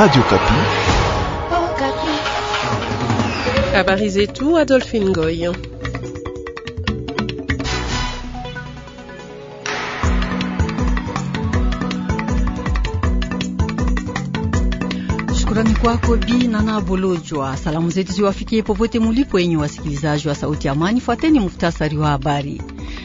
Radio Kapi. Habari zetu Adolphine Ngoy. Shukrani kwako Bi Nana Bolojwa. Salamu zetu ziwafikie popote mulipo, enyi wasikilizaji wa Sauti ya Amani. Fuateni muftasari wa habari.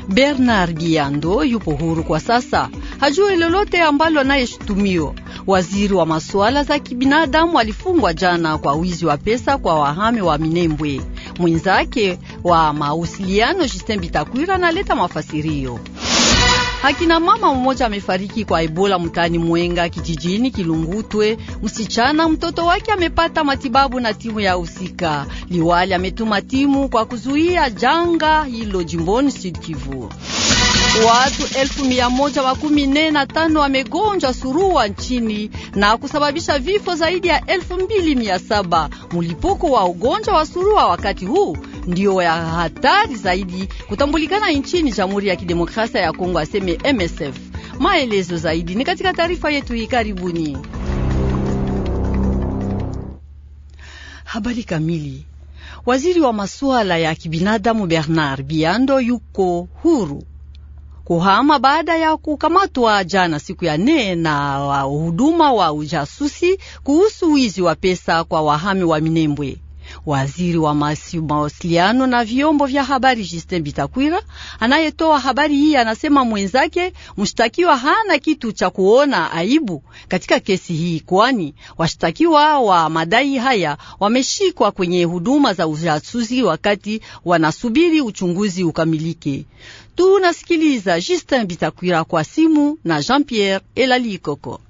Bernard Biando yupo huru kwa sasa, hajui lolote ambalo anayeshutumiwa Waziri wa masuala za kibinadamu alifungwa jana kwa wizi wa pesa kwa wahame wa Minembwe. Mwenzake wa mausiliano Justin Bitakwira analeta mafasirio. Akina mama mmoja amefariki kwa Ebola mtaani Mwenga kijijini Kilungutwe. Msichana mtoto wake amepata matibabu na timu ya husika. Liwali ametuma timu kwa kuzuia janga hilo jimboni Sud Kivu. Watu elfu mia moja wa kumi nne na tano wamegonjwa surua nchini na kusababisha vifo zaidi ya elfu mbili mia saba. Mlipuko wa ugonjwa wa surua wakati huu ndio ya hatari zaidi kutambulikana nchini Jamhuri ya Kidemokrasia ya Kongo, aseme MSF. Maelezo zaidi ni katika taarifa yetu hii, karibuni. Habari kamili. Waziri wa masuala ya kibinadamu Bernard Biando yuko huru kuhama baada ya kukamatwa jana siku ya nne na wahuduma wa ujasusi kuhusu wizi wa pesa kwa wahami wa Minembwe. Waziri wa mawasiliano na vyombo vya habari Justin Bitakwira anayetoa habari hii anasema mwenzake mshtakiwa hana kitu cha kuona aibu katika kesi hii, kwani washtakiwa wa madai haya wameshikwa kwenye huduma za ujasusi wakati wanasubiri uchunguzi ukamilike. Tunasikiliza Justin Bitakwira kwa simu na Jean Pierre Elali Koko.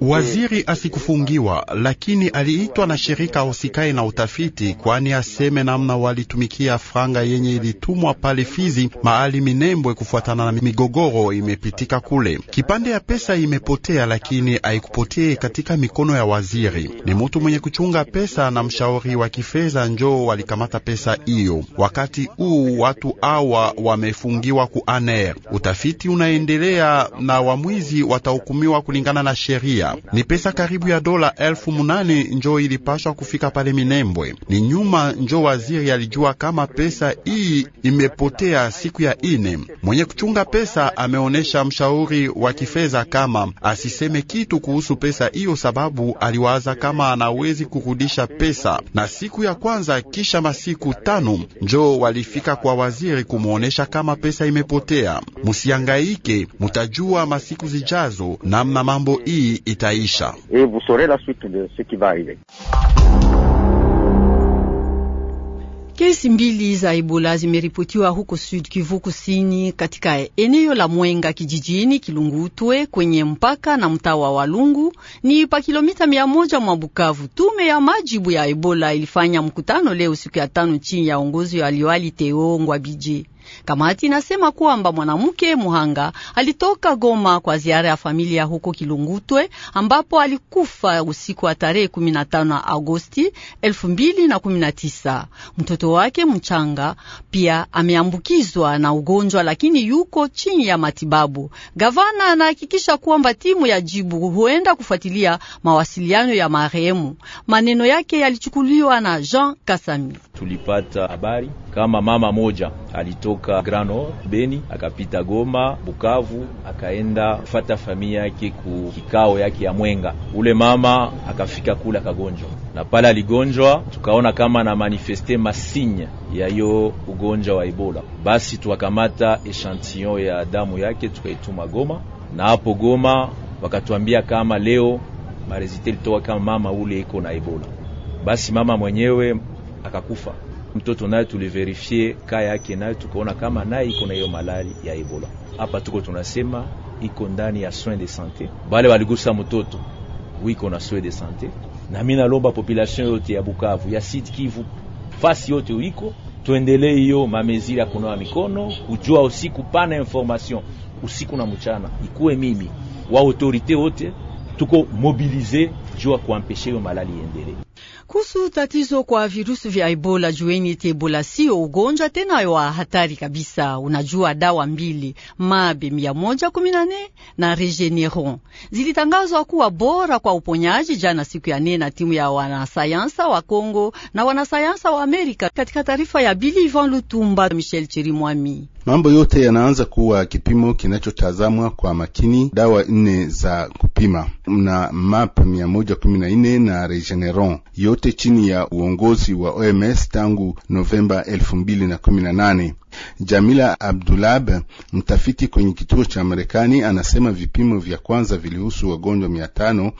Waziri asikufungiwa lakini aliitwa na shirika husikae na utafiti, kwani aseme namna walitumikia franga yenye ilitumwa pale Fizi mahali Minembwe, kufuatana na migogoro imepitika kule. Kipande ya pesa imepotea, lakini haikupotee katika mikono ya waziri. Ni mtu mwenye kuchunga pesa na mshauri wa kifedha, njoo walikamata pesa hiyo. Wakati huu watu hawa wamefungiwa ku ANR. Utafiti unaendelea na wamwizi watau kuhukumiwa kulingana na sheria. Ni pesa karibu ya dola elfu munane njo ilipashwa kufika pale Minembwe. Ni nyuma njo waziri alijua kama pesa iyi imepotea siku ya ine. Mwenye kuchunga pesa ameonesha mshauri wa kifedha kama asiseme kitu kuhusu pesa hiyo, sababu aliwaza kama anawezi kurudisha pesa. Na siku ya kwanza kisha masiku tano njo walifika kwa waziri kumwonesha kama pesa imepotea. Musiangaike, mutajua masiku zijazo namna mambo hii itaisha. Kesi mbili za Ebola zimeripotiwa huko Sud Kivu Kusini, katika eneo la Mwenga kijijini Kilungutwe kwenye mpaka na mtaa wa Walungu, ni pa kilomita mia moja mwa Bukavu. Tume ya majibu ya Ebola ilifanya mkutano leo siku ya tano chini ya uongozi wa Liwali Teo Ngwabije. Kamati inasema kwamba mwanamke muhanga alitoka Goma kwa ziara ya familia huko Kilungutwe ambapo alikufa usiku wa tarehe 15 Agosti 2019. Mtoto wake mchanga pia ameambukizwa na ugonjwa lakini yuko chini ya matibabu. Gavana anahakikisha kwamba timu ya jibu huenda kufuatilia mawasiliano ya marehemu. Maneno yake yalichukuliwa na Jean Kasami. Tulipata habari kama mama moja alitoka Grano Beni akapita Goma, Bukavu, akaenda fata familia yake ku kikao yake ya Mwenga. Ule mama akafika kule akagonjwa, na pale aligonjwa tukaona kama na manifeste masinya ya yo ugonjwa wa Ebola. Basi tukakamata echantillon ya damu yake tukaituma Goma, na hapo Goma wakatuambia kama leo marezite litoka kama mama ule iko na Ebola. Basi mama mwenyewe akakufa mtoto naye tuliverifie kaya yake naye tukaona kama naye iko na hiyo malali ya Ebola. Hapa tuko tunasema iko ndani ya soin de sante, bale waligusa mtoto wiko na soin de sante. Na mimi nalomba population yote ya Bukavu ya Sud Kivu, fasi yote uliko, tuendelee hiyo mamezira kunawa mikono, kujua usiku pana information usiku na mchana, ikuwe mimi wa autorite wote tuko mobilize jua kuampeshe hiyo malali iendelee. Kuhusu tatizo kwa virusi vya Ebola, jueni te Ebola sio ugonjwa tena wa hatari kabisa. Unajua, dawa mbili mabe mia moja kumi na nne na Regeneron zilitangazwa kuwa bora kwa uponyaji jana siku ya nne na timu ya wanasayansa wa Kongo na wanasayansa wa Amerika, katika taarifa ya Bili Ivan Lutumba, Michel Chirimwami. Mambo yote yanaanza kuwa kipimo kinachotazamwa kwa makini. Dawa nne za kupima na map 114 na Regeneron, yote chini ya uongozi wa OMS tangu Novemba 2018. Jamila Abdulab, mtafiti kwenye kituo cha Marekani, anasema vipimo vya kwanza vilihusu wagonjwa mia tano.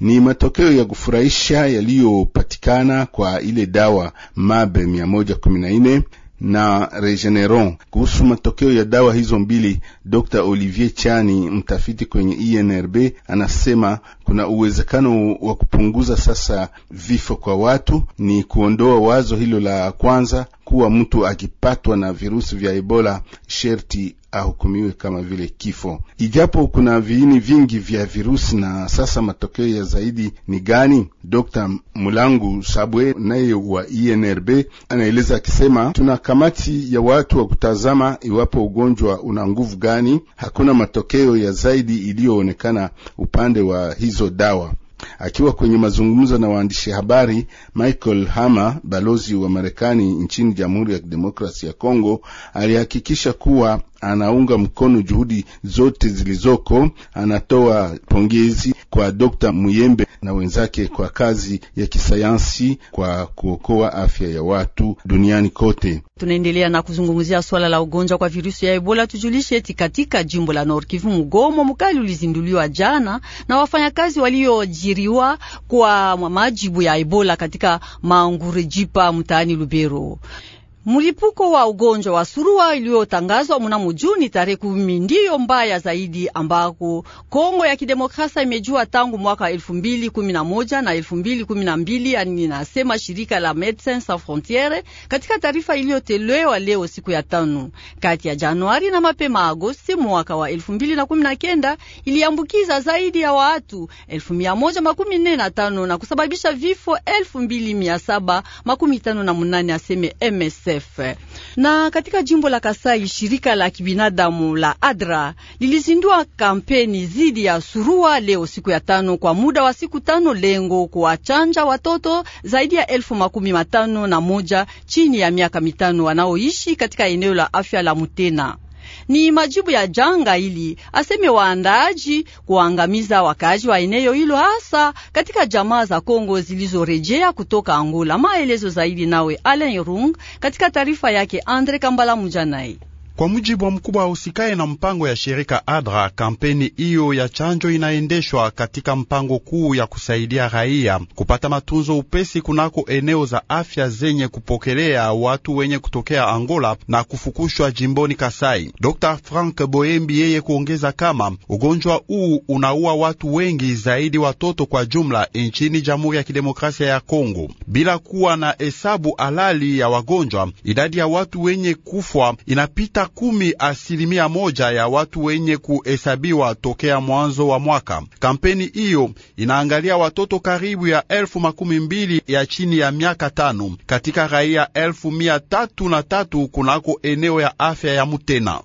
Ni matokeo ya kufurahisha yaliyopatikana kwa ile dawa mab 114 na Regeneron. Kuhusu matokeo ya dawa hizo mbili, Dr. Olivier Chani, mtafiti kwenye INRB, e anasema kuna uwezekano wa kupunguza sasa vifo kwa watu. Ni kuondoa wazo hilo la kwanza kuwa mtu akipatwa na virusi vya Ebola sherti ahukumiwe kama vile kifo, ijapo kuna viini vingi vya virusi. Na sasa matokeo ya zaidi ni gani? Dr. Mulangu Sabwe naye wa INRB e anaeleza akisema, tuna kamati ya watu wa kutazama iwapo ugonjwa una nguvu gani. Hakuna matokeo ya zaidi iliyoonekana upande wa hizo dawa. Akiwa kwenye mazungumzo na waandishi habari, Michael Hammer, balozi wa Marekani nchini Jamhuri ya Kidemokrasi ya Kongo, alihakikisha kuwa anaunga mkono juhudi zote zilizoko, anatoa pongezi kwa Dr. Muyembe na wenzake kwa kazi ya kisayansi kwa kuokoa afya ya watu duniani kote. Tunaendelea na kuzungumzia swala la ugonjwa kwa virusi ya Ebola. Tujulishe eti katika jimbo la Nord Kivu mgomo mkali ulizinduliwa jana na wafanyakazi waliojiriwa kwa majibu ya Ebola katika Mangure mtaani Lubero. Mlipuko wa ugonjwa wa surua iliyotangazwa mnamo Juni tarehe kumi ndiyo mbaya zaidi ambako Kongo ya Kidemokrasia imejua tangu mwaka elfu mbili kumi na moja na elfu mbili kumi na mbili aninasema yaani shirika la Medecins Sans Frontieres katika taarifa iliyotolewa leo siku ya tano. Kati ya Januari na mapema Agosti mwaka wa elfu mbili na kumi na kenda iliambukiza zaidi ya watu elfu mia moja makumi nne na tano na kusababisha vifo elfu mbili mia saba makumi tano na munane aseme MSF. UNICEF. Na katika jimbo la Kasai, shirika la kibinadamu la ADRA lilizindua kampeni dhidi ya surua leo siku ya tano kwa muda wa siku tano, lengo kuwachanja watoto zaidi ya elfu makumi matano na moja chini ya miaka mitano wanaoishi katika eneo la afya la Mutena ni majibu ya janga ili aseme waandaji kuangamiza wakaaji wa eneo hilo, hasa katika jamaa za Kongo zilizorejea kutoka Angola. Maelezo zaidi nawe Alain Rung katika taarifa yake Andre Kambala Mujanai. Kwa mujibu wa mkubwa ahusikaye na mpango ya shirika ADRA, kampeni hiyo ya chanjo inaendeshwa katika mpango kuu ya kusaidia raia kupata matunzo upesi kunako eneo za afya zenye kupokelea watu wenye kutokea Angola na kufukushwa jimboni Kasai. Dr Frank Boyembi yeye kuongeza kama ugonjwa huu unaua watu wengi zaidi watoto kwa jumla nchini Jamhuri ya Kidemokrasia ya Kongo, bila kuwa na hesabu halali ya wagonjwa. Idadi ya watu wenye kufwa inapita kumi asilimia moja ya watu wenye kuhesabiwa tokea mwanzo wa mwaka. Kampeni hiyo inaangalia watoto karibu ya elfu makumi mbili ya chini ya miaka tano katika raia elfu mia tatu na tatu kunako eneo ya afya ya Mutena.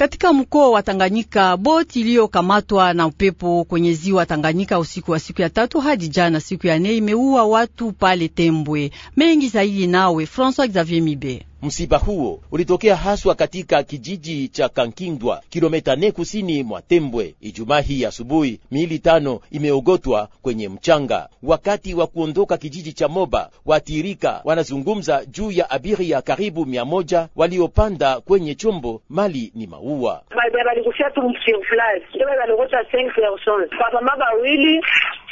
katika mkoa wa Tanganyika. Boti iliyokamatwa na upepo kwenye ziwa Tanganyika usiku wa siku ya tatu hadi jana siku ya nne imeua watu pale Tembwe. Mengi zaidi nawe François Xavier Mibe. Msiba huo ulitokea haswa katika kijiji cha Kankindwa, kilomita ne kusini mwa Tembwe. Ijumaa hii asubuhi, miili tano imeogotwa kwenye mchanga. Wakati wa kuondoka kijiji cha Moba, watirika wanazungumza juu ya abiria karibu mia moja waliopanda kwenye chombo. Mali ni maua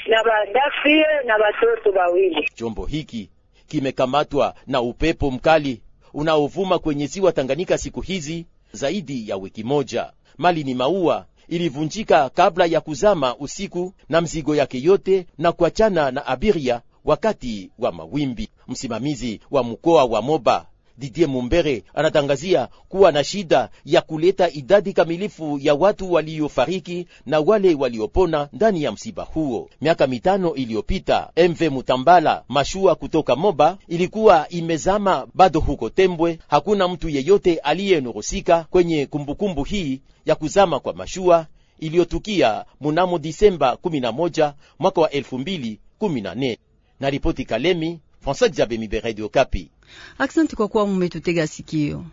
na badafie na batoto bawili. Chombo hiki kimekamatwa na upepo mkali unaovuma kwenye ziwa Tanganyika siku hizi zaidi ya wiki moja. Mali ni maua ilivunjika kabla ya kuzama usiku na mzigo yake yote na kuachana na abiria wakati wa mawimbi. Msimamizi wa mkoa wa Moba Didie Mumbere anatangazia kuwa na shida ya kuleta idadi kamilifu ya watu waliofariki na wale waliopona ndani ya msiba huo. Miaka mitano iliyopita, MV Mutambala mashua kutoka Moba ilikuwa imezama bado huko Tembwe. Hakuna mtu yeyote aliyenuhusika kwenye kumbukumbu hii ya kuzama kwa mashua iliyotukia mnamo Disemba 11 mwaka wa 2014. Na ripoti Kalemi Francois Xavier Mibere, Radio Okapi. Asante kwa kuwa mmetutega sikio.